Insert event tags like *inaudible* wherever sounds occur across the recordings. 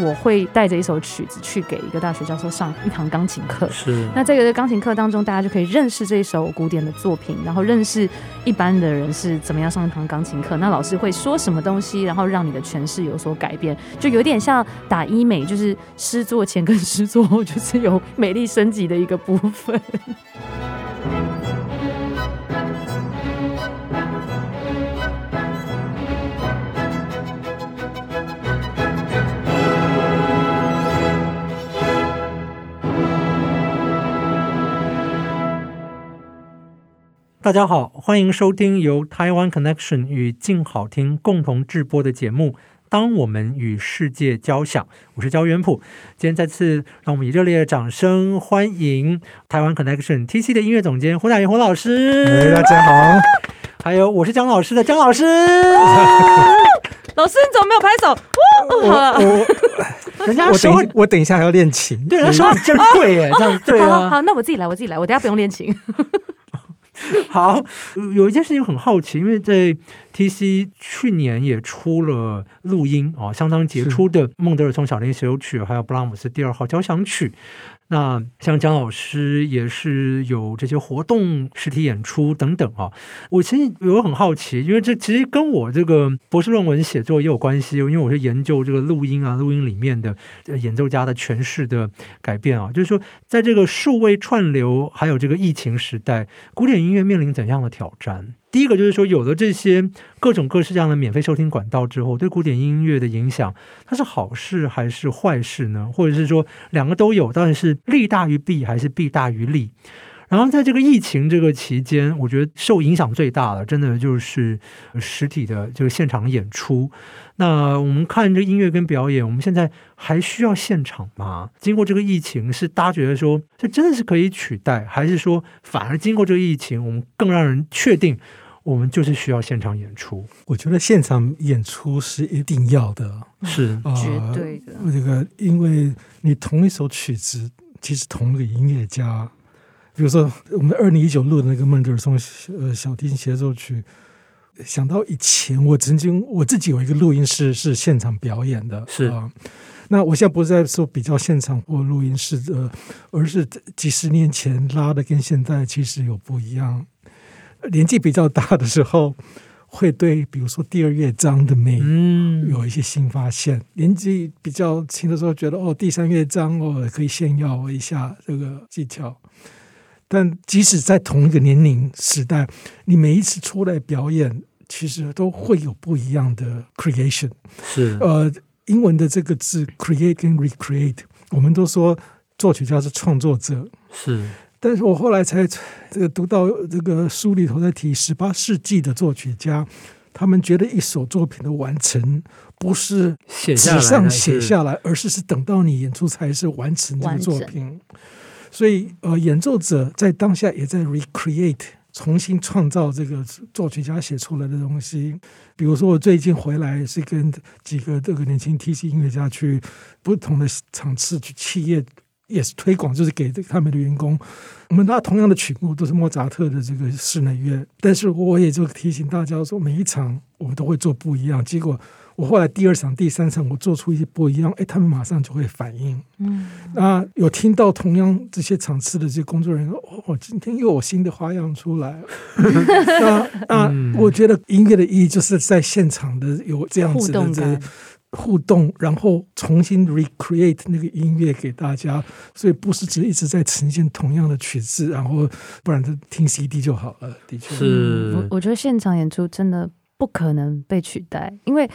我會帶着一首曲子去給一個大學教授上一堂鋼琴課，是。那這個鋼琴課當中，大家就可以認識這一首古典的作品，然後認識一般的人是怎麼樣上一堂鋼琴課。那老師會說什麼東西，然後讓你的詮釋有所改變，就有點像打醫美，就是施作前跟施作後就是有美麗升級的一個部分。大家好，歡迎收聽由台灣 Connection 與鏡好聽共同製播的節目《當我們與世界交響》，我是焦元溥。今天再次讓我們以熱烈的掌聲歡迎台灣 Connection TC 的音樂總監胡乃元胡老師。大家好。啊、還有我是江老師的江老師、啊。老師，你怎麼沒有拍手？哦、我，我 *laughs* ，我等一下還要練琴，對，他說你真貴耶、哦。這樣，哦這樣哦、對、啊、好，好，那我自己來，我自己來，我等一下不用練琴。 *laughs* 好、呃，有一件事情很好奇，因為在 T C 去年也出了錄音啊、哦，相當傑出的孟德爾頌小林協奏曲，還有布拉姆斯第二號交響曲。那像江老師也是有這些活動、實體演出等等啊，我其實我很好奇，因為這其實跟我這個博士論文寫作也有關係，因為我是研究這個錄音啊、錄音裡面的演奏家的詮釋的改變啊，就是說在這個數位串流還有這個疫情時代，古典音樂面臨怎樣的挑戰？第一個就是說，有了這些各種各式這樣的免費收聽管道之後，對古典音樂的影響，它是好事還是壞事呢？或者是說兩個都有，到底是利大於弊還是弊大於利？然後在這個疫情這個期間，我覺得受影響最大的，真的就是實體的，這個現場演出。那我們看這個音樂跟表演，我們現在還需要現場嗎？經過這個疫情，是大家覺得說，這真的是可以取代，還是說反而經過這個疫情，我們更讓人確定？我們就是需要現場演出，我覺得現場演出是一定要的，是、呃、絕對的。這個，因為你同一首曲子，其實同一個音樂家，比如說我們二零一九錄的那個孟德爾頌呃小提琴協奏曲，想到以前我曾經我自己有一個錄音室是現場表演的，是啊、呃。那我現在不是在說比較現場或錄音室的、呃，而是幾十年前拉的跟現在其實有不一樣。年紀比較大的時候，會對比如說第二樂章的美，嗯，有一些新發現、嗯。年紀比較輕的時候，覺得哦，第三樂章哦，可以炫耀一下這個技巧。但即使在同一個年齡時代，你每一次出來表演，其實都會有不一樣的 creation。是，呃，英文的這個字 create and recreate，我們都說作曲家是創作者。是。但是我後來才這個讀到這個書裡頭在提十八世紀的作曲家，他們覺得一首作品的完成不是紙上寫下來，而是是等到你演出才是完成這個作品。所以呃，演奏者在當下也在 recreate，重新創造這個作曲家寫出來的東西。比如說我最近回來是跟幾個這個年輕 TC 音樂家去不同的場次去企業。也是推廣，就是給他們的員工。我們拿同樣的曲目，都是莫扎特的這個室內樂。但是我也就提醒大家說，每一場我們都會做不一樣。結果我後來第二場、第三場，我做出一些不一樣，哎，他們馬上就會反應。嗯，那有聽到同樣這些場次的這些工作人員，哦，我今天又有新的花樣出來。 *laughs* *laughs* 那那、啊嗯、我覺得音樂的意義就是在現場的有這樣子的。互動，然後重新 recreate 那個音樂給大家，所以不是只一直在呈現同樣的曲子，然後不然就聽 CD 就好了，的確。是，我，我覺得現場演出真的不可能被取代，因為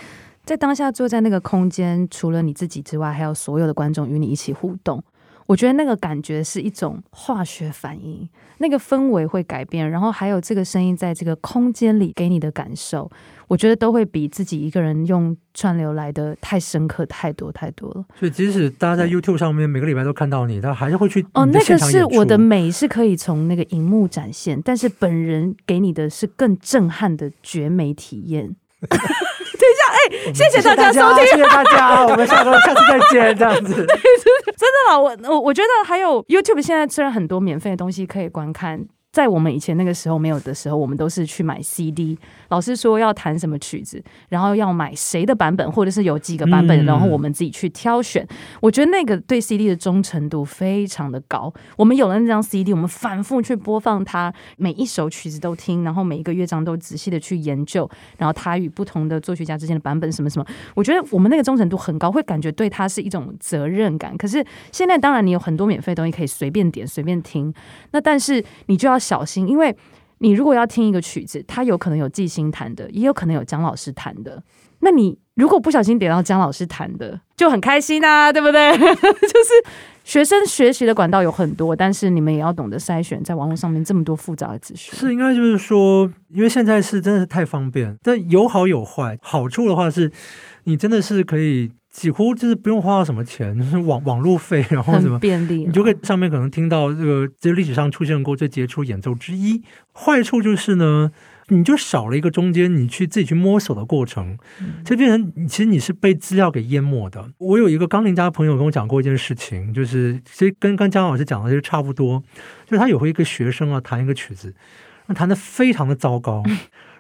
在當下坐在那個空間，除了你自己之外，還有所有的觀眾與你一起互動。我覺得那個感覺是一種化學反應，那個氛圍會改變，然後還有這個聲音在這個空間裡給你的感受，我覺得都會比自己一個人用串流來的太深刻太多太多了。所以即使大家在 YouTube 上面每個禮拜都看到你，他還是會去。哦，那個是我的美是可以從那個熒幕展現，但是本人給你的是更震撼的絕美體驗。 *laughs* 哎、欸，謝謝大家收聽，謝謝大家， *laughs* 我們下周下次再見， *laughs* 這樣子， *laughs* 真的啦，我我我覺得還有 YouTube 現在雖然很多免費的東西可以觀看。在我們以前那個時候沒有的時候，我們都是去買 CD。老師說要彈什麼曲子，然後要買誰的版本，或者是有幾個版本，然後我們自己去挑選。嗯。我覺得那個對 CD 的忠誠度非常的高。我們有了那張 CD，我們反覆去播放它，每一首曲子都聽，然後每一個樂章都仔細的去研究，然後它與不同的作曲家之間的版本什麼什麼，我覺得我們那個忠誠度很高，會感覺對它是一種責任感。可是現在，當然你有很多免費東西可以隨便點、隨便聽，那但是你就要。小心，因為你如果要聽一個曲子，它有可能有紀星彈的，也有可能有江老師彈的。那你如果不小心點到江老師彈的，就很開心吶、啊，對不對？ *laughs* 就是學生學習的管道有很多，但是你們也要懂得篩選，在網絡上面這麼多複雜的資訊。是，應該就是說，因為現在是真的是太方便，但有好有壞。好處的話是，你真的是可以。幾乎就是不用花到什麼錢，就是網網絡費，然後什麼便利，你就可以上面可能聽到這個，這歷史上出現過最傑出演奏之一。壞處就是呢，你就少了一個中間你去自己去摸索的過程，就變成其實你是被資料給淹沒的。嗯，我有一個鋼琴家朋友跟我講過一件事情，就是其實跟剛江老師講的就差不多，就是他有和一個學生啊彈一個曲子，那彈得非常的糟糕。 *laughs*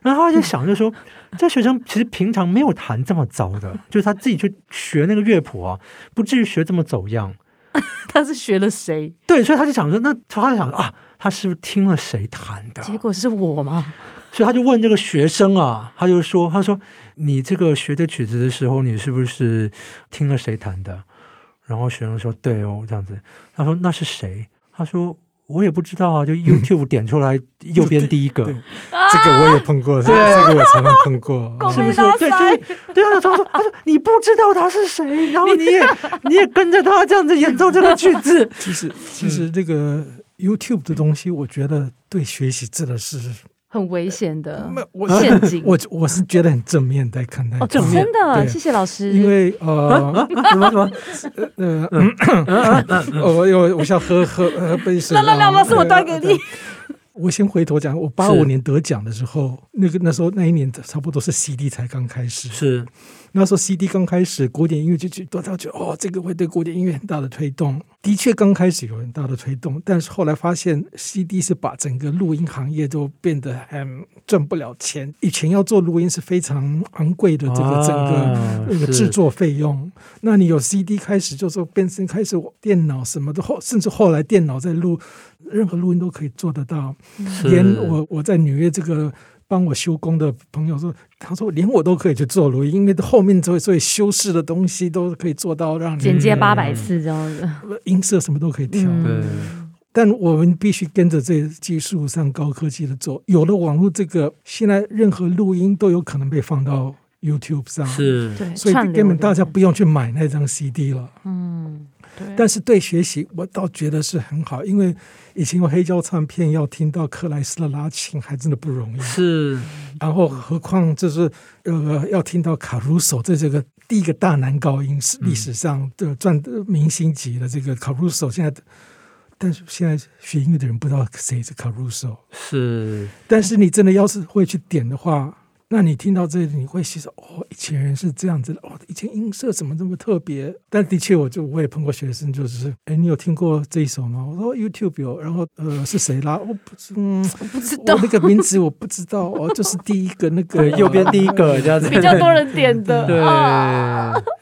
然後他就想，就說 *laughs* 這學生其實平常沒有彈這麼糟的，就是他自己去學那個樂譜啊，不至於學這麼走樣。 *laughs* 他是學了誰？對，所以他就想說，那他就想啊，他是不是聽了誰彈的？結果是我嘛。所以他就問這個學生啊，他就說，他說你這個學的曲子的時候，你是不是聽了誰彈的？然後學生說，對哦，這樣子。他說那是誰？他說。我也不知道啊，就 YouTube 點出來右邊第一個，嗯、這個我也碰過，啊這個、對這個我曾經碰過、啊，是不是？對，對，對啊，他說，他說 *laughs* 你不知道他是誰，然後你也 *laughs* 你也跟着他這樣子演奏這個句子。其實其實這個 YouTube 的東西，我覺得對學習真的是。很危險的陷阱，啊、我我是覺得很正面在看待。哦，正面的，謝謝老師。因為呃，什麼什麼，嗯，我有，我想喝喝、喝杯水。那 *laughs* 那、嗯嗯嗯嗯、 *laughs* 老、老師、嗯，我端給你。我先回頭講，我八五年得獎的時候，那個那時候那一年差不多是 CD 才剛開始。是，那時候 CD 剛開始，古典音樂就許多大家覺得，哦，這個會對古典音樂很大的推動。的確，剛開始有很大的推動，但是後來發現 CD 是把整個錄音行業都變得很、嗯、賺不了錢。以前要做錄音是非常昂貴的，啊、這個整個那個制作費用。那你有 CD 開始，就說變成開始，我電腦什麼的後，甚至後來電腦在錄。任何錄音都可以做得到，連我我在紐約這個幫我修工的朋友說，他說，連我都可以去做錄音，因為後面所以修飾的東西都可以做到讓剪接、八百次這樣子，音色什麼都可以調。對，但我們必須跟着這技術上高科技的走。有了網絡，這個現在任何錄音都有可能被放到 YouTube 上，是，所以根本大家不用去買那張 CD 了。嗯。對，但是對學習，我倒覺得是很好，因為以前用黑膠唱片要聽到克萊斯勒拉琴，還真的不容易。是，然後何況就是呃，要聽到卡魯索，這個第一個大男高音史歷史上的、這個、賺明星級的這個卡魯索、嗯，現在但是現在學音樂的人不知道誰是卡魯索。是，但是你真的要是會去點的話。那你聽到這裡，你會吸收哦，以前人是這樣子的哦，以前音色怎麼這麼特別？但的確，我就我也碰過學生，就是哎，你有聽過這一首嗎？我說 YouTube 有，然後呃是誰啦？我不知、嗯，我不知道那個名字，我不知道哦，就是第一個那個右邊第一個 *laughs* 這樣子，比較多人點的， *laughs* 對。 *laughs* 對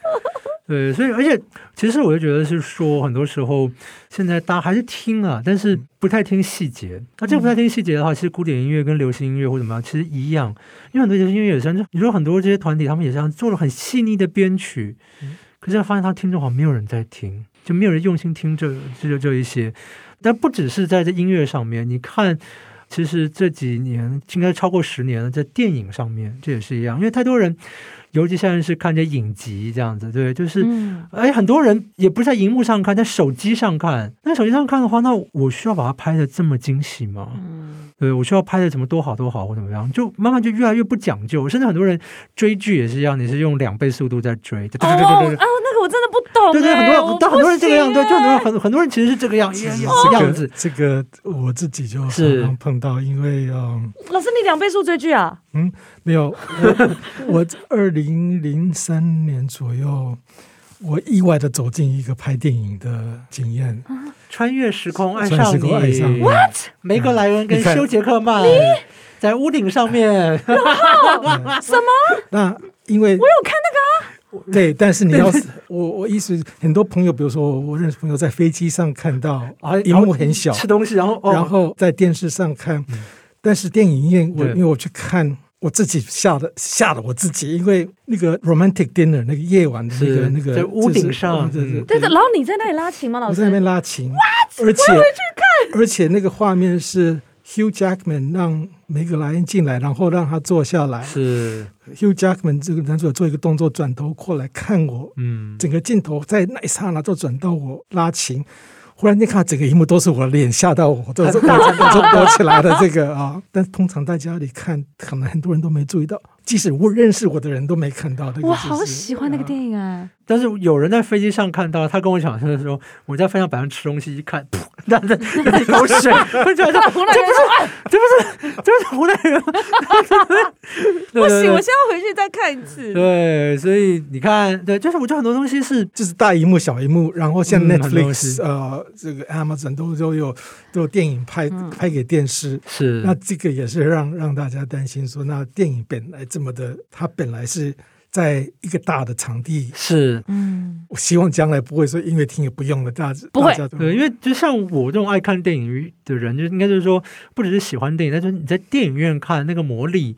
對，所以而且其實我就覺得是說，很多時候現在大家還是聽啊，但是不太聽細節。那、啊、這個不太聽細節的話、嗯，其實古典音樂跟流行音樂或者怎麼樣，其實一樣。因為很多流行音樂也像，你說很多這些團體，他們也像做了很細膩的編曲，嗯、可是發現他聽眾好像沒有人在聽，就沒有人用心聽這、這、這、這一些。但不只是在這音樂上面，你看，其實這幾年應該超過十年了，在電影上面，這也是一樣，因為太多人。尤其現在是看這影集這樣子，對，就是，哎、嗯，很多人也不是在熒幕上看，在手機上看。那手機上看的話，那我需要把它拍的這麼驚喜嗎？嗯、對，我需要拍的怎麼多好多好或怎麼樣，就慢慢就越來越不講究。甚至很多人追劇也是一樣，你是用兩倍速度在追。哦，哦、 *laughs* 啊，那個我真。不懂，欸，、對對，很多人，但，欸，、很多人這個樣，對，就很多很很多人其實是這個樣子，樣子這個、哦這個這個、我自己就是碰到，因為嗯，老師，你兩倍速追劇啊？嗯，沒有，我二零零三年左右，我意外的走進一個拍電影的經驗，穿越時空愛上你，穿越時空愛上你，What？梅格萊恩跟修杰克曼在屋頂上面，上面嗯、什麼？那因為我有看那個、啊。對，但是你要是 *laughs* 對對對，我我意思，很多朋友，比如說我，我認識朋友在飛機上看到，啊，熒幕很小，吃東西，然後、哦、然後在電視上看，嗯、但是電影院、嗯、我因為我去看，我自己嚇的嚇得我自己，因為那個 romantic dinner 那個夜晚的那個那個在屋頂上是、嗯對對對嗯，對對，然後你在那裡拉琴嗎？老師我在那邊拉琴，哇，而且我去看，而且那個畫面是。Hugh Jackman 讓梅格萊恩進來，然後讓他坐下來。是 Hugh Jackman 這個男主角做一個動作，轉頭過來看我。嗯，整個鏡頭在那一剎那就轉到我拉琴。忽然間看整個螢幕都是我的臉，嚇到我，都是躲 *laughs* *laughs* 起來的這個啊。但是通常在家裡看，可能很多人都沒注意到，即使我認識我的人都沒看到、就是。我好喜歡那個電影啊，啊！但是有人在飛機上看到，他跟我講就是說，我在飛機上擺着吃東西，一看。那那流水， *laughs* 啊啊、 *laughs* *laughs* 這不是，這不是，這不是，這不是湖南人。不行，我先在回去再看一次。對，所以你看，對，就是我覺得很多東西是，就是大熒幕、小熒幕，然後像 Netflix *laughs* 呃，這個 Amazon 都都有，都有電影拍拍給電視、嗯。是。那這個也是讓讓大家擔心說，說那電影本來這麼的，它本來是。在一個大的場地是，嗯，我希望將來不會說音樂廳也不用了，這樣子不會這樣子對，因為就像我這種愛看電影的人，就應該就是說，不只是喜歡電影，但是你在電影院看那個魔力，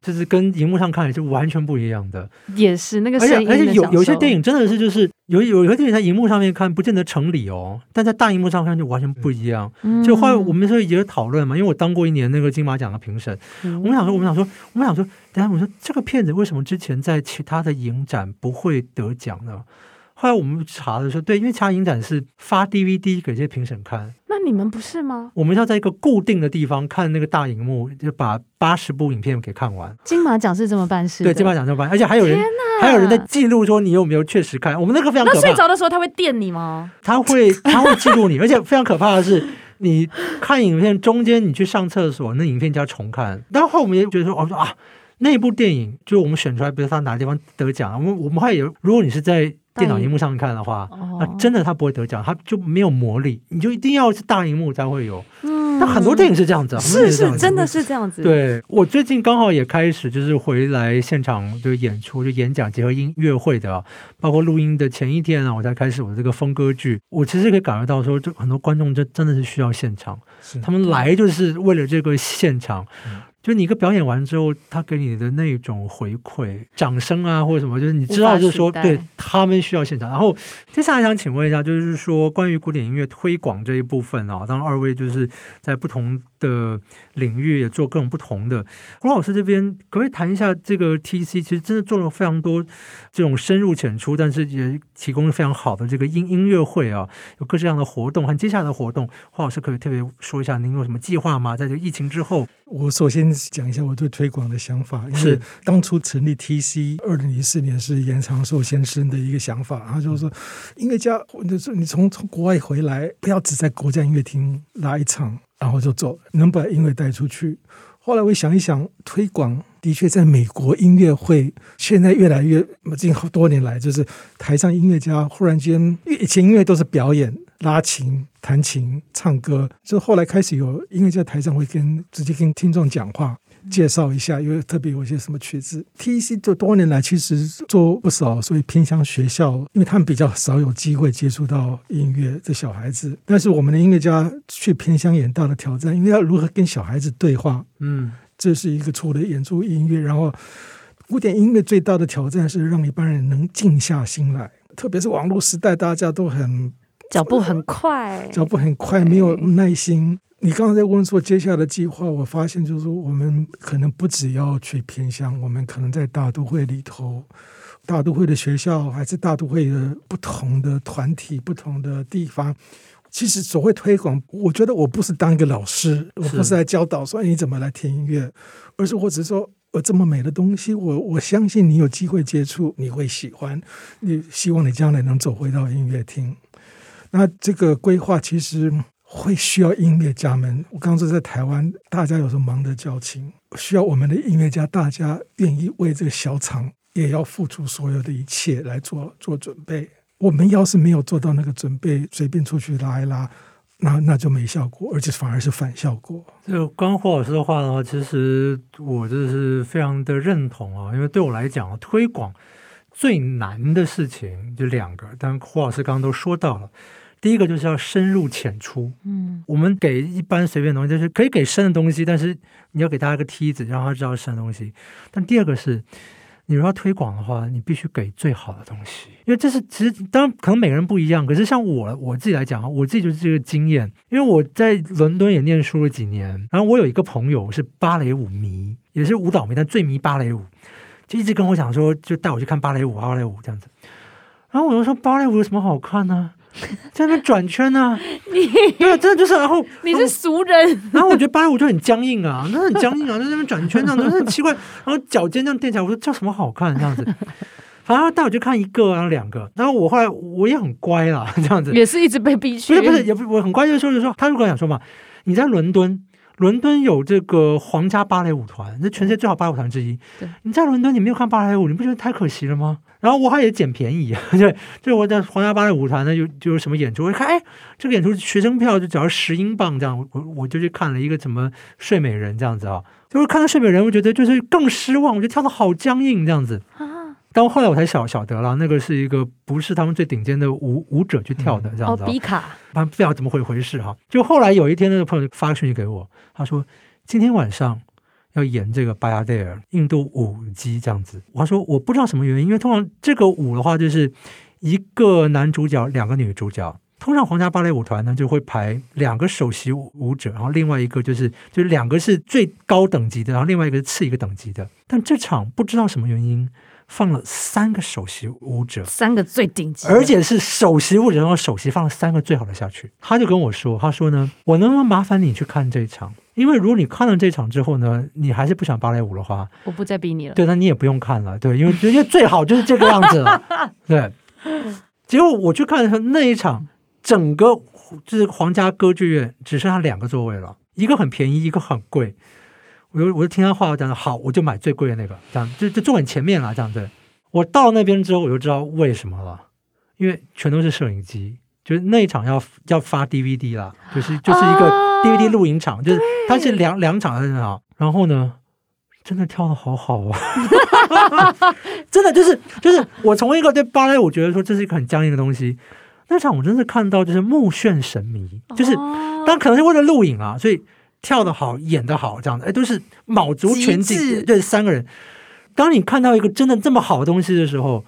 就是跟熒幕上看也是完全不一樣的，也是那個是而，而且有有些電影真的是就是。有有有個電影在熒幕上面看不見得成立哦，但在大熒幕上看就完全不一樣。嗯、就後來我們說也有討論嘛，因為我當過一年那個金馬獎的評審、嗯，我們想說，我們想說，我們想說，等一下，我說這個片子為什麼之前在其他的影展不會得獎呢？後來我們查的時候，對，因為其他影展是發 DVD 給這些評審看。你們不是嗎？我們要在一個固定的地方看那個大熒幕，就把八十部影片給看完。金馬獎是這麼辦事，對，金馬獎這麼辦，而且還有人，還有人在記錄說你有沒有確實看。我們那個非常可怕。那睡着的時候他會電你嗎？他會，他會記錄你， *laughs* 而且非常可怕的是，你看影片中間你去上廁所，那影片就要重看。然後我們也覺得說，我說啊。那部電影，就是我們選出來，不是他哪個地方得獎。我們我們還有，如果你是在電腦熒幕上看的話，哦、那真的他不會得獎，他就沒有魔力。你就一定要是大熒幕才會有。那、嗯、很多電影是這樣子，啊，是是，是，真的是這樣子。對，我最近剛好也開始就是回來現場就演出就演講結合音樂會的、啊，包括錄音的前一天啊，我才開始我的這個風歌劇，我其實可以感覺到說，就很多觀眾就真的是需要現場，是他們來就是為了這個現場。就你一個表演完之後，他給你的那種回饋，掌聲啊或者什麼，就是你知道，就是說，對，他們需要現場。然後接下來想請問一下，就是說關於古典音樂推廣這一部分啊，當然二位就是在不同。的領域也做各種不同的。胡老師這邊，可不可以談一下這個 TC？其實真的做了非常多這種深入淺出，但是也提供非常好的這個音音樂會啊，有各式各樣的活動和接下來的活動。胡老師可，可以特別說一下，您有什麼計劃嗎？在這個疫情之後，我首先講一下我對推廣的想法。是當初成立 TC，二零零四年是嚴長壽先生的一個想法，他就是說，嗯、音樂家，就是你從從國外回來，不要只在國家音樂廳拉一場。然後就走，能把音樂帶出去。後來我想一想，推廣的確在美國音樂會現在越來越，近好多年來，就是台上音樂家忽然間，因為以前音樂都是表演、拉琴、彈琴、唱歌，就後來開始有音樂家在台上會跟，直接跟聽眾講話。介紹一下，因為特別有一些什麼曲子，TC 這多年來其實做不少，所以偏鄉學校，因為他們比較少有機會接觸到音樂的小孩子。但是我們的音樂家卻偏鄉演大的挑戰，因為要如何跟小孩子對話，嗯，這是一個除了演出音樂，然後古典音樂最大的挑戰是讓一般人能靜下心來，特別是網絡時代，大家都很。腳步很快，嗯、腳步很快，沒有耐心。你剛才在問說，接下來的計劃，我發現就是我們可能不只要去偏鄉，我們可能在大都會裡頭，大都會的學校還是大都會的不同的團體、嗯、不同的地方，其實所謂推廣，我覺得我不是當一個老師，我不是來教導說、哎、你怎麼來聽音樂，而是我只是說，呃，這麼美的東西，我我相信你有機會接觸，你會喜歡，你希望你將來能走回到音樂廳。那這個規劃其實會需要音樂家們。我剛剛說，在台灣，大家有時候忙得交情，需要我們的音樂家，大家願意為這個小場，也要付出所有的一切來做做準備。我們要是沒有做到那個準備，隨便出去拉一拉，那那就沒效果，而且反而是反效果。就關胡老師的話呢，其實我就是非常的認同啊，因為對我來講，推廣。最難的事情就兩個，但胡老師剛剛都說到了。第一個就是要深入淺出，嗯，我們給一般隨便的東西，就是可以給深的東西，但是你要給大家一個梯子，讓他知道深的東西。但第二個是，你如果要推廣的話，你必須給最好的東西，因為這是其實當然可能每個人不一樣，可是像我我自己來講，我自己就是這個經驗，因為我在倫敦也念書了幾年，然後我有一個朋友是芭蕾舞迷，也是舞蹈迷，但最迷芭蕾舞。就一直跟我講說，就帶我去看芭蕾舞、啊、芭蕾舞這樣子。然後我就說芭蕾舞有什麼好看呢、啊？在那邊轉圈呢、啊？對啊，真的就是。然後你是俗人。然後， *laughs* 然後我覺得芭蕾舞就很僵硬啊，那很僵硬啊，在那邊轉圈那種很奇怪。 *laughs* 然後腳尖這樣墊起來，我說叫什麼好看這樣子。然後帶我去看一個，然後兩個。然後我後來我也很乖啦，這樣子也是一直被逼去。不是，不是，也不是我很乖，就是說，就是說，他如果想說嘛，你在倫敦。倫敦有這個皇家芭蕾舞團，那全世界最好芭蕾舞團之一。對，你在倫敦你沒有看芭蕾舞，你不覺得太可惜了嗎？然後我還也撿便宜，呵呵，對，就是我在皇家芭蕾舞團呢，就就是什麼演出，我一看，哎，這個演出學生票就只要十英鎊這樣，我我就去看了一個什麼《睡美人》這樣子啊，就是看到《睡美人》，我覺得就是更失望，我就跳的好僵硬這樣子。但後來我才曉曉得了，那個是一個不是他們最頂尖的舞舞者去跳的，嗯、這樣子、哦哦。比卡，不不知道怎麼回回事哈、啊。就後來有一天，那個朋友發個訊息給我，他說，今天晚上要演這個巴亞德爾印度舞姬這樣子。我說我不知道什麼原因，因為通常這個舞的話，就是一個男主角兩個女主角，通常皇家芭蕾舞團呢就會排兩個首席舞舞者，然後另外一個就是就是兩個是最高等級的，然後另外一個是次一個等級的。但這場不知道什麼原因。放了三個首席舞者，三個最頂級，而且是首席舞者和首席放了三個最好的下去。他就跟我說：“他說呢，我能不能麻煩你去看這一場？因為如果你看了這場之後呢，你還是不喜歡芭蕾舞的話，我不再逼你了。對，那你也不用看了。對，因為因為最好就是這個樣子了。 *laughs* 對，結果我去看了那一場，整個就是皇家歌劇院只剩下兩個座位了，一個很便宜，一個很貴。”我就我就聽他話講，好，我就買最貴的那個，這樣就就坐你前面了，這樣子。我到那邊之後，我就知道為什麼了，因為全都是攝影機，就是那一場要要發 DVD 了，就是就是一個 DVD 錄影場。啊、就是它是兩兩場，的那場，然後呢，真的跳得好好啊， *laughs* 真的就是就是我從一個對芭蕾，我覺得說這是一個很僵硬的東西，那場我真的看到就是目眩神迷，就是但可能是為了錄影啊，所以。跳得好，演得好，這樣的，哎，都是卯足全勁，對，三個人。當你看到一個真的這麼好的東西的時候，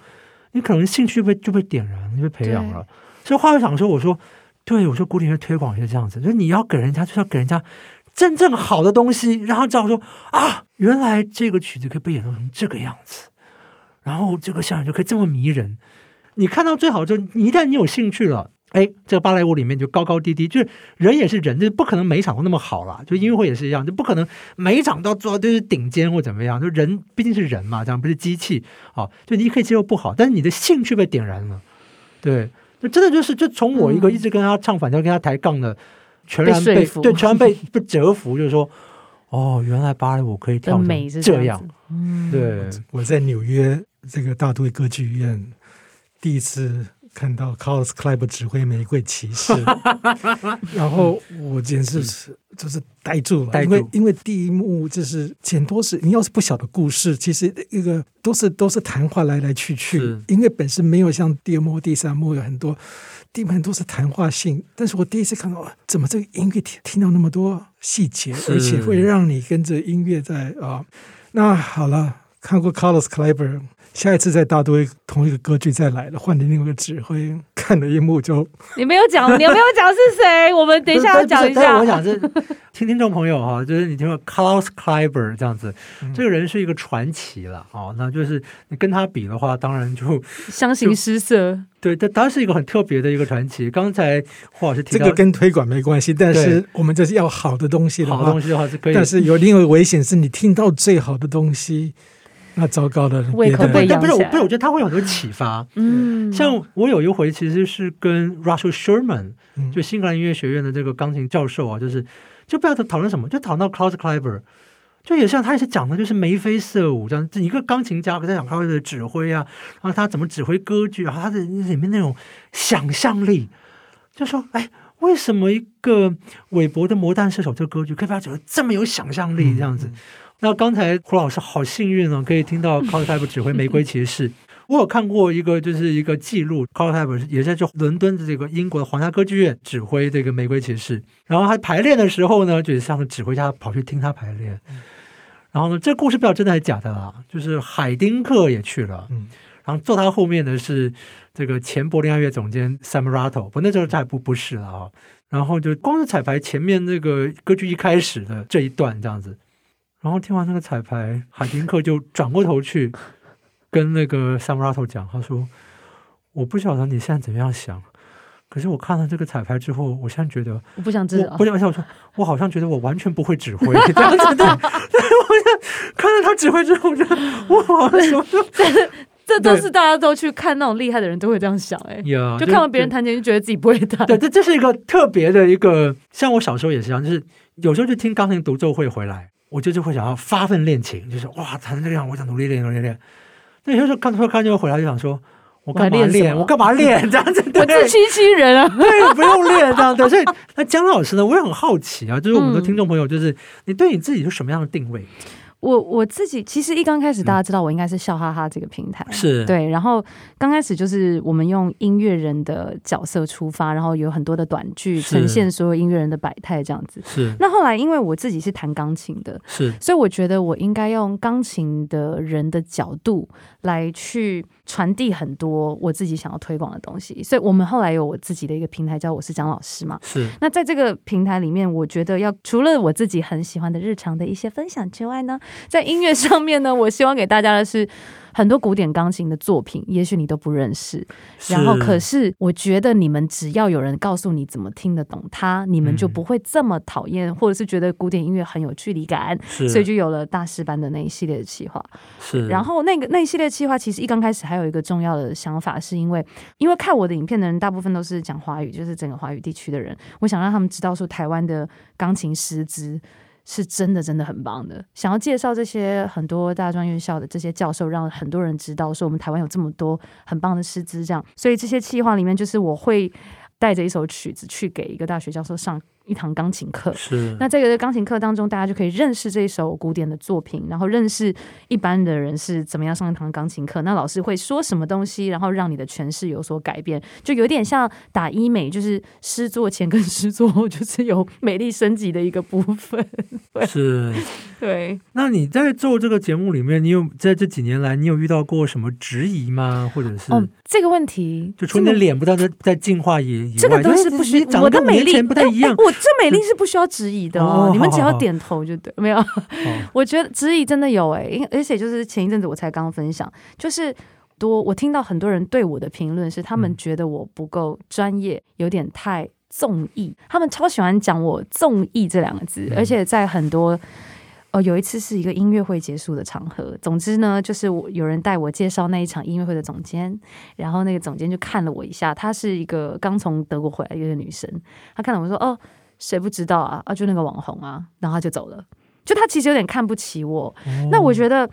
你可能興趣就被就被點燃，就被培養了。所以，話又想說，我說，對我說，古典樂推廣就是這樣子，就是你要給人家，就要給人家真正好的東西，然後這樣說啊，原來這個曲子可以被演奏成這個樣子，然後這個現場就可以這麼迷人。你看到最好就你一旦你有興趣了。哎，這個芭蕾舞裡面就高高低低，就是人也是人，就不可能每一場都那麼好了。就音樂會也是一樣，就不可能每一場都做到都是頂尖或怎麼樣。就人畢竟是人嘛，這樣不是機器啊、哦。就你可以接受不好，但是你的興趣被點燃了，對，就真的就是就從我一個一直跟他唱反調、嗯、跟他抬槓的，全然被對全然被被折服， *laughs* 就是說，哦，原來芭蕾舞可以跳成這樣。這樣對、嗯我，我在紐約這個大都會歌劇院第一次。看到 Carlos Kleiber 指揮玫瑰騎士， *laughs* 然後我簡直是就是呆住了，住因為因為第一幕就是前多是，你要是不曉得故事，其實那個都是都是談話來來去去，因為本身沒有像第二幕、第三幕有很多，基本都是談話性。但是我第一次看到，啊、怎麼這個音樂聽聽到那麼多細節，而且會讓你跟着音樂在啊。那好了，看過 Carlos Kleiber 下一次在大都會同一個歌劇再來了，換你另外一個指揮，看的一幕就你沒有講，你有沒有講是誰？ *laughs* 我們等一下要講一下。我想是 *laughs* 聽聽眾朋友哈，就是你聽說 Klaus Kleiber 這樣子、嗯，這個人是一個傳奇了啊。那就是你跟他比的話，當然就相形失色。對，當然是一個很特別的一個傳奇。剛才霍老師聽這個跟推廣沒關係，但是我們就是要好的東西的話，好的東西的話是可以。但是有另外一個危險是，你聽到最好的東西。那糟糕的，但不是不是， *noise* 我覺得他會有很多啟發。嗯，像我有一回其實是跟 Russell Sherman，就新格蘭音樂學院的這個鋼琴教授啊，嗯、就是就不知道討論什麼，就談到 Klaus Kleiber，就也像他也是講的，就是眉飛色舞這樣，一個鋼琴家在講他會的指揮啊，然後他怎麼指揮歌劇啊，然後他的裡面那種想象力，就說哎，為什麼一個韋伯的《魔彈射手》這個歌劇可以被他覺得這麼有想象力這樣子？嗯嗯那剛才胡老師好幸運呢？哦、可以聽到 Carlos Kleiber 指揮《玫瑰騎士。》 *laughs* 我有看過一個，就是一個記錄 Carlos Kleiber 也是在倫敦的這個英國的皇家歌劇院指揮這個《玫瑰騎士》。然後他排練的時候呢，就像指揮家跑去聽他排練。然後呢，這故事表真的還是假的啊？就是海丁克也去了，嗯，然後坐他後面的是這個前柏林愛樂總監 Simon Rattle，不，那時候他還不不是了啊。然後就光是彩排前面那個歌劇一開始的這一段這樣子。然後聽完那個彩排，海丁克就轉過頭去跟那個 Simon Rattle 講，他說：“我不曉得你現在怎麼樣想，可是我看了這個彩排之後，我現在覺得……”“我不想知道。我”“我笑，我說我好像覺得我完全不會指揮。 *laughs* ”“對，哈但是我看他指揮之後，我覺得我好像說……”“這 *laughs* *laughs* *laughs* *laughs* *laughs* *laughs* *laughs* 這都是大家都去看那種厲害的人，都會這樣想哎。Yeah, ”“就看完別人彈琴，就覺得自己不會彈。”“對，這 *laughs* 這是一個特別的一個，像我小時候也是一樣，就是有時候就聽鋼琴獨奏會回來。”我就就會想要發奮練琴，就是哇，彈成這樣，我想努力練努力練。那有時候剛說剛就回來就想說，我幹嘛練？我，練我幹嘛練？這樣子，我自欺欺人啊！對 *laughs* 不用練，這樣子。所以，那江老師呢？我也很好奇啊，就是我們的聽眾朋友，就是、嗯、你對你自己是什麼樣的定位？我我自己其實一剛開始，大家知道我應該是笑哈哈這個平台是、嗯、對，然後剛開始就是我們用音樂人的角色出發，然後有很多的短劇呈現所有音樂人的百態這樣子。是，那後來因為我自己是彈鋼琴的，是所以我覺得我應該用鋼琴的人的角度來去傳遞很多我自己想要推廣的東西。所以我們後來有我自己的一個平台叫我是江老師嘛。是，那在這個平台裡面，我覺得要除了我自己很喜歡的日常的一些分享之外呢。在音樂上面呢，我希望給大家的是很多古典鋼琴的作品，也許你都不認識。然後，可是我覺得你們只要有人告訴你怎麼聽得懂它，你們就不會這麼討厭，嗯、或者是覺得古典音樂很有距離感。所以就有了大師班的那一系列的企劃。是，然後那個那一系列企劃其實一剛開始還有一個重要的想法，是因為因為看我的影片的人大部分都是講華語，就是整個華語地區的人，我想讓他們知道說台灣的鋼琴師資，是真的真的很棒的，想要介紹這些很多大專院校的這些教授，讓很多人知道說我們台灣有這麼多很棒的師資，這樣。所以這些企劃裡面，就是我會帶着一首曲子去給一個大學教授上課。一堂鋼琴課，是那這個鋼琴課當中，大家就可以認識這一首古典的作品，然後認識一般的人是怎麼樣上一堂鋼琴課。那老師會說什麼東西，然後讓你的詮釋有所改變，就有點像打醫美，就是施作前跟施作後就是有美麗升級的一個部分。是，對。那你在做這個節目裡面，你有在這幾年來，你有遇到過什麼質疑嗎？或者是，哦、這個問題，就除了臉不斷在在進化也，這個東西長得我的美麗跟年前不太一樣。哎哎這美麗是不需要質疑的哦，哦，你們只要點頭就對。沒、哦、有，好好 *laughs* 我覺得質疑真的有誒、欸，因而且就是前一陣子我才剛分享，就是多我聽到很多人對我的評論是，他們覺得我不夠專業，有點太綜藝、嗯，他們超喜歡講我綜藝這兩個字、嗯，而且在很多呃有一次是一個音樂會結束的場合，總之呢，就是我有人帶我介紹那一場音樂會的總監，然後那個總監就看了我一下，她是一個剛從德國回來的一個女生，她看了我說哦。誰不知道啊？啊，就那個網紅啊，然後他就走了。就他其實有點看不起我。嗯、那我覺得，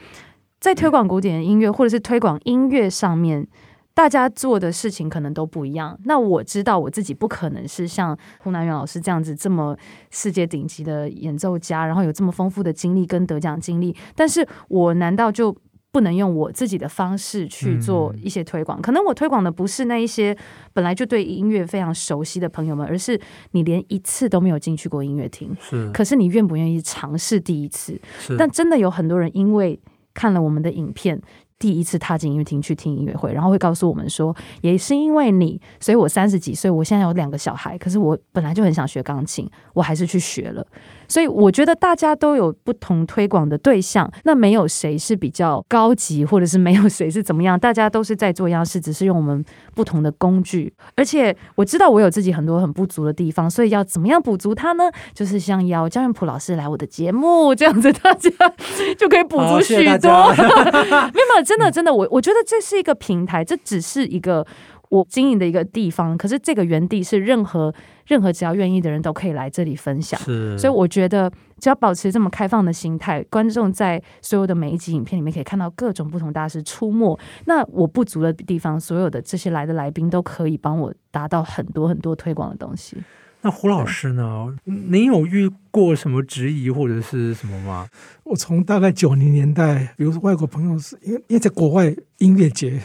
在推廣古典音樂或者是推廣音樂上面，大家做的事情可能都不一樣。那我知道我自己不可能是像胡乃元老師這樣子這麼世界頂級的演奏家，然後有這麼豐富的經歷跟得獎經歷。但是我難道就不能用我自己的方式去做一些推廣。嗯、可能我推廣的不是那一些本來就對音樂非常熟悉的朋友們，而是你連一次都沒有進去過音樂廳。是，可是你願不願意嘗試第一次？是。但真的有很多人因為看了我們的影片，第一次踏進音樂廳去聽音樂會，然後會告訴我們說，也是因為你，所以我三十幾歲，我現在有兩個小孩，可是我本來就很想學鋼琴，我還是去學了。所以我覺得大家都有不同推廣的對象，那沒有誰是比較高級，或者是沒有誰是怎麼樣，大家都是在做一樣事，只是用我們不同的工具。而且我知道我有自己很多很不足的地方，所以要怎麼樣補足它呢？就是像邀江源普老師來我的節目這樣子，大家 *laughs* 就可以補足許多。謝謝 *laughs* *laughs* 沒有，真的真的，我我覺得這是一個平台，這只是一個。我經營的一個地方，可是這個園地是任何任何只要願意的人都可以來這裡分享，是。所以我覺得只要保持這麼開放的心態，觀眾在所有的每一集影片裡面可以看到各種不同大師出沒。那我不足的地方，所有的這些來的來賓都可以幫我達到很多很多推廣的東西。那胡老師呢？您有遇過什麼質疑或者是什麼嗎？我從大概九零年代，比如說外國朋友，是因為因為在國外音樂節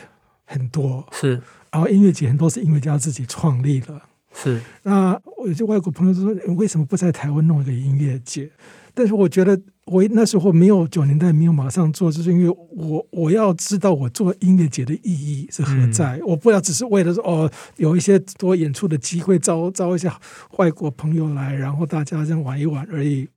很多是。然後音樂節很多是音樂家自己創立的，是。那有些外國朋友就說，為什麼不在台灣弄一個音樂節？但是我覺得我那時候沒有九年代沒有馬上做，就是因為我我要知道我做音樂節的意義是何在。嗯。我不要只是為了說哦，有一些多演出的機會，找找一些外國朋友來，然後大家這樣玩一玩而已。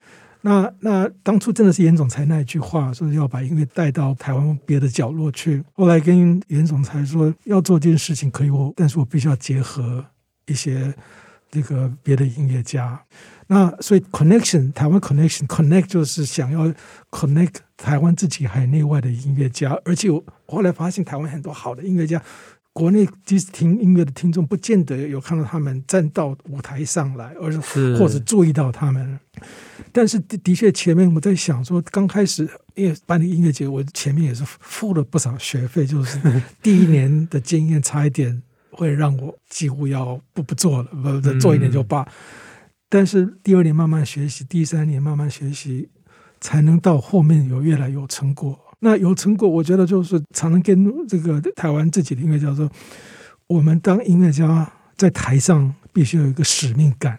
那那當初真的是嚴總裁那一句話，說是要把音樂帶到台灣別的角落去。後來跟嚴總裁說要做這件事情可以，我但是我必須要結合一些這個別的音樂家。那所以 Connection 台灣 Connection connect 就是想要 connect 台灣自己海內外的音樂家，而且我，我後來發現台灣很多好的音樂家。國內即使聽音樂的聽眾不見得有看到他們站到舞台上來，而是或者注意到他們。但是的確，前面我在想說，剛開始因為辦的音樂節，我前面也是付了不少學費，就是第一年的經驗差一點，會讓我幾乎要不不做了，不做一年就罷。但是第二年慢慢學習，第三年慢慢學習，才能到後面有越來越有成果。那有成果，我覺得就是常常跟這個台灣自己的音樂家說，我們當音樂家在台上必須有一個使命感。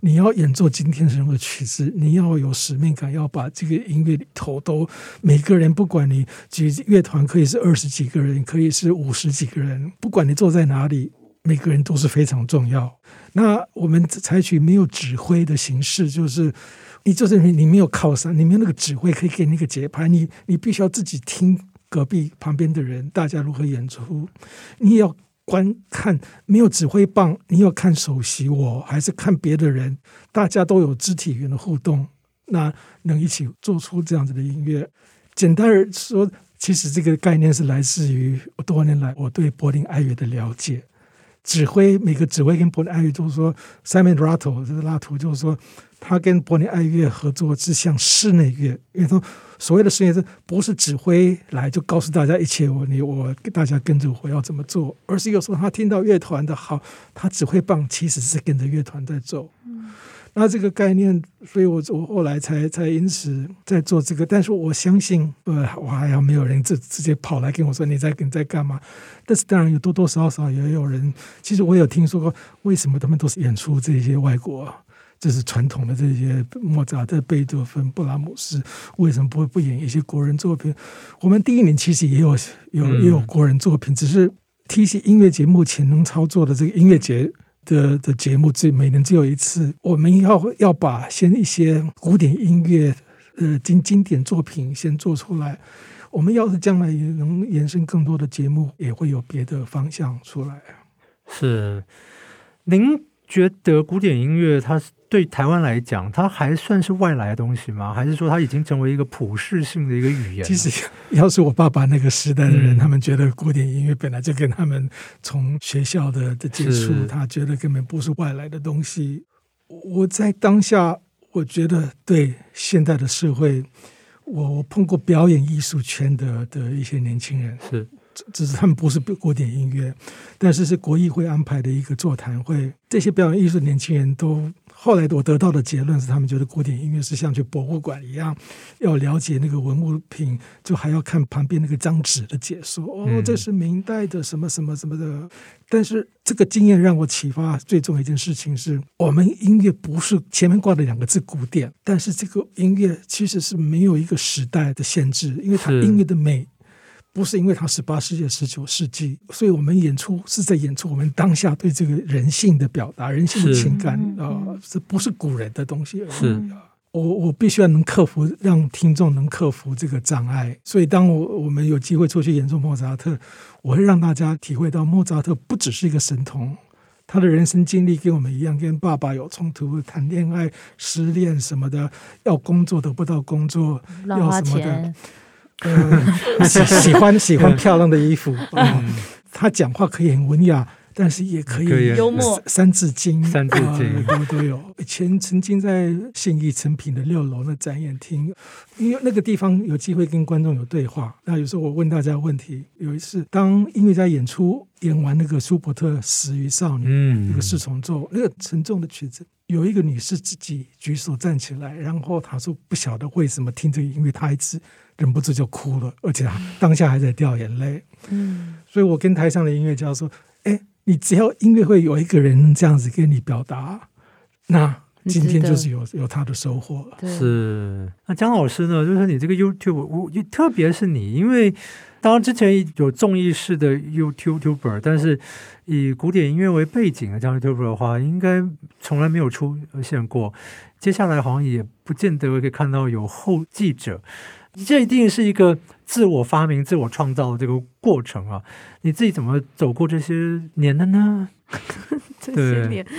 你要演奏今天什麼曲子，你要有使命感，要把這個音樂裡頭都每個人，不管你幾樂團可以是二十幾個人，可以是五十幾個人，不管你坐在哪裡，每個人都是非常重要。那我們採取沒有指揮的形式，就是。你就是你沒有靠山，你沒有那個指揮可以給你一個節拍，你你必須要自己聽隔壁旁邊的人大家如何演出，你也要觀看沒有指揮棒，你要看首席我還是看別的人，大家都有肢體語言的互動，那能一起做出這樣子的音樂。簡單而說，其實這個概念是來自於我多年來我對柏林愛樂的了解。指揮，每個指揮跟柏林愛樂就是說，Simon Rattle 這個拉圖就是說，他跟柏林愛樂合作是像室內樂，因為說所謂的室內不是指揮來就告訴大家一切，我你我大家跟着我要怎麼做，而是有時候他聽到樂團的好，他指揮棒其實是跟着樂團在走。嗯那這個概念，所以我我後來才才因此在做這個，但是我相信，呃，我還要沒有人直直接跑來跟我說，你在你在幹嘛。但是當然有多多少少也有人，其實我也有聽說過，為什麼他們都是演出這些外國，就是傳統的這些莫扎特、貝多芬、布拉姆斯，為什麼不會不演一些國人作品？我們第一年其實也有有也有國人作品，只是 TC 音樂節目前能操作的這個音樂節。的的節目只每年只有一次，我們要要把先一些古典音樂，呃，經經典作品先做出來。我們要是將來也能延伸更多的節目，也會有別的方向出來。是，您覺得古典音樂它是？對台灣來講，它還算是外來的東西嗎？還是說它已經成為一個普世性的一個語言？其實，要是我爸爸那個時代的人，嗯、他們覺得古典音樂本來就跟他們從學校的的接觸，他覺得根本不是外來的東西。我在當下，我覺得對現在的社會，我我碰過表演藝術圈的的一些年輕人，是，只是他們不是古典音樂，但是是國藝會安排的一個座談會，這些表演藝術年輕人都。後來我得到的結論是，他們覺得古典音樂是像去博物館一樣，要了解那個文物品，就還要看旁邊那個張紙的解說。哦，這是明代的什麼什麼什麼的。但是這個經驗讓我啟發最重要一件事情是，我們音樂不是前面掛的兩個字古典，但是這個音樂其實是沒有一個時代的限制，因為它音樂的美。不是因為他十八世紀、十九世紀，所以我們演出是在演出我們當下對這個人性的表達、人性的情感啊，這、呃、不是古人的東西而是，我我必須要能克服，讓聽眾能克服這個障礙。所以，當我我們有機會出去演出莫扎特，我會讓大家體會到莫扎特不只是一個神童，他的人生經歷跟我們一樣，跟爸爸有衝突、談戀愛、失戀什麼的，要工作得不到工作、嗯，要什麼的。嗯、 *laughs* 呃，喜歡喜歡漂亮的衣服啊、 *laughs* 嗯呃。他講話可以很文雅，但是也可以,可以幽默三。三字經，三字經都有。以前曾經在信義誠品的六樓的展演廳，因為那個地方有機會跟觀眾有對話。那有時候我問大家問題，有一次當音樂家演出演完那個舒伯特死與少女，嗯，那個四重奏，那個沉重的曲子。有一個女士自己舉手站起來，然後她說不曉得為什麼聽着音樂，她一直忍不住就哭了，而且當下還在掉眼淚。嗯，所以我跟台上的音樂家說：“哎，你只要音樂會有一個人這樣子跟你表達，那。”今天就是有有他的收穫，是那江老師呢？就是你這個 YouTube，特別是你，因為當然之前有綜藝式的 YouTube，但是以古典音樂為背景的 YouTube 的話，應該從來沒有出現過。接下來好像也不見得可以看到有後繼者。這一定是一個自我發明、自我創造的這個過程啊！你自己怎麼走過這些年的呢 *laughs* 這些年？對。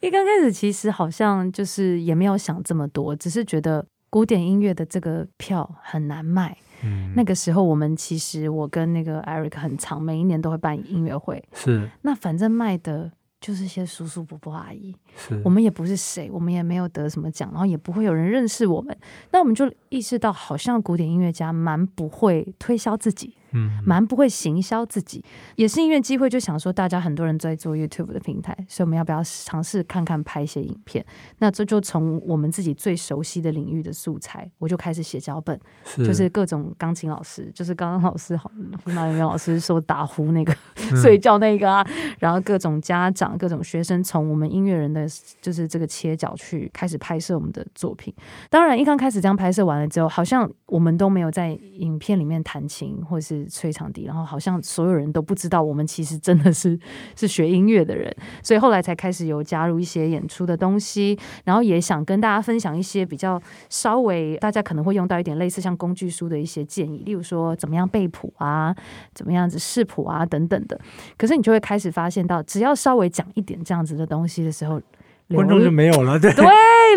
一剛開始其實好像就是也沒有想這麼多，只是覺得古典音樂的這個票很難賣。嗯，那個時候我們其實我跟那個 Eric 很常，每一年都會辦音樂會，是那反正賣的就是一些叔叔伯伯阿姨，是。我們也不是誰，我們也沒有得什麼獎，然後也不會有人認識我們。那我們就意識到，好像古典音樂家蠻不會推銷自己。嗯，蠻不會行銷自己，也是因為機會就想說，大家很多人在做 YouTube 的平台，所以我們要不要嘗試看看拍一些影片？那這就從我們自己最熟悉的領域的素材，我就開始寫腳本，就是各種鋼琴老師，就是剛剛老師好像乃元老師說打呼那個 *laughs* *laughs* 睡覺那個啊，然後各種家長、各種學生，從我們音樂人的就是這個切角去開始拍攝我們的作品。當然，一剛開始這樣拍攝完了之後，好像我們都沒有在影片裡面彈琴，或者是。吹長笛，然後好像所有人都不知道，我們其實真的是是學音樂的人，所以後來才開始有加入一些演出的東西，然後也想跟大家分享一些比較稍微大家可能會用到一點類似像工具書的一些建議，例如說怎麼樣背譜啊，怎麼樣子視譜啊等等的。可是你就會開始發現到，只要稍微講一點這樣子的東西的時候，觀眾就沒有了，對對，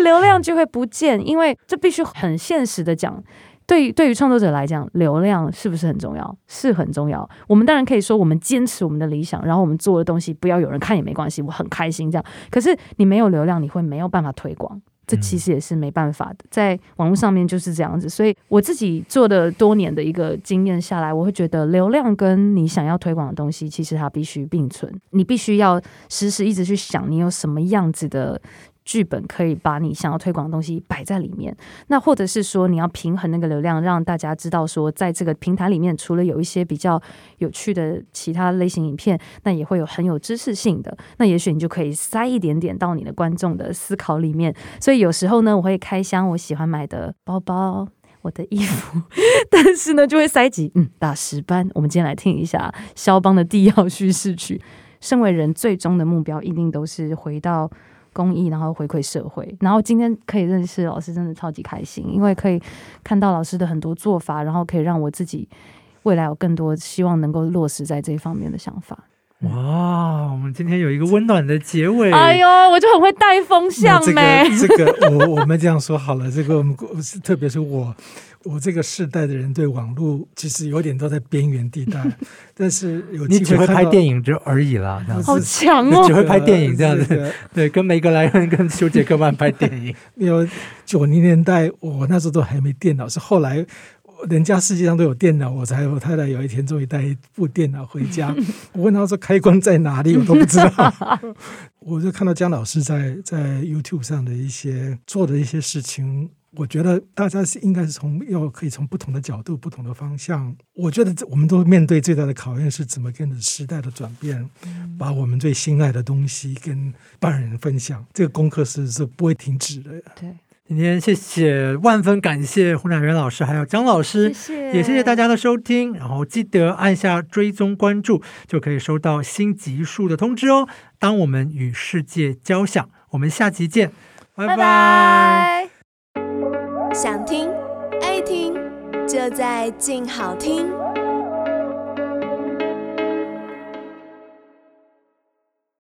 流量就會不見，因為這必須很現實的講。對，對於創作者來講，流量是不是很重要？是很重要。我們當然可以說，我們堅持我們的理想，然後我們做的東西不要有人看也沒關係，我很開心這樣。可是你沒有流量，你會沒有辦法推廣，這其實也是沒辦法的。在網絡上面就是這樣子。所以我自己做的多年的一個經驗下來，我會覺得流量跟你想要推廣的東西，其實它必須並存。你必須要時時一直去想，你有什麼樣子的，劇本可以把你想要推廣的東西擺在裡面，那或者是說你要平衡那個流量，讓大家知道說，在這個平台裡面，除了有一些比較有趣的其他類型影片，那也會有很有知識性的。那也許你就可以塞一點點到你的觀眾的思考裡面。所以有時候呢，我會開箱我喜歡買的包包、我的衣服， *laughs* 但是呢，就會塞幾嗯大師班。我們今天來聽一下肖邦的第二敘事曲。身為人最終的目標，一定都是回到。公益，然後回饋社會。然後今天可以認識老師，真的超級開心，因為可以看到老師的很多做法，然後可以讓我自己未來有更多希望能夠落實在這一方面的想法。哇、wow，我們今天有一個溫暖的結尾。哎喲，我就很會帶風向唄、這個。這個，我我們這樣說好了。這個，我們特別是我，我這個世代的人對網絡其實有點都在邊緣地帶。 *laughs* 但是有機會你，只是、 *laughs* 就是哦、你只會拍電影這而已了，好強哦！只會拍電影這樣子，對，跟梅格萊恩、跟修傑克曼拍電影。有九零年代，我那時候都還沒電腦，是後來。人家世界上都有電腦，我才我太太有一天終於帶一部電腦回家。我 *laughs* 問她說，開關在哪裡？我都不知道。 *laughs* 我就看到江老師在在 YouTube 上的一些做的一些事情，我覺得大家是應該是從要可以從不同的角度，不同的方向。我覺得我們都面對最大的考驗是怎麼跟着時代的轉變，嗯、把我們最心愛的東西跟半人分享。這個功課是是不會停止的呀。對。今天謝謝，萬分感謝胡乃元老師，還有江老師謝謝，也謝謝大家的收聽。然後記得按下追蹤關注，就可以收到新集數的通知哦。當我們與世界交響，我們下集見，拜拜。拜拜。想聽愛聽，就在鏡好聽。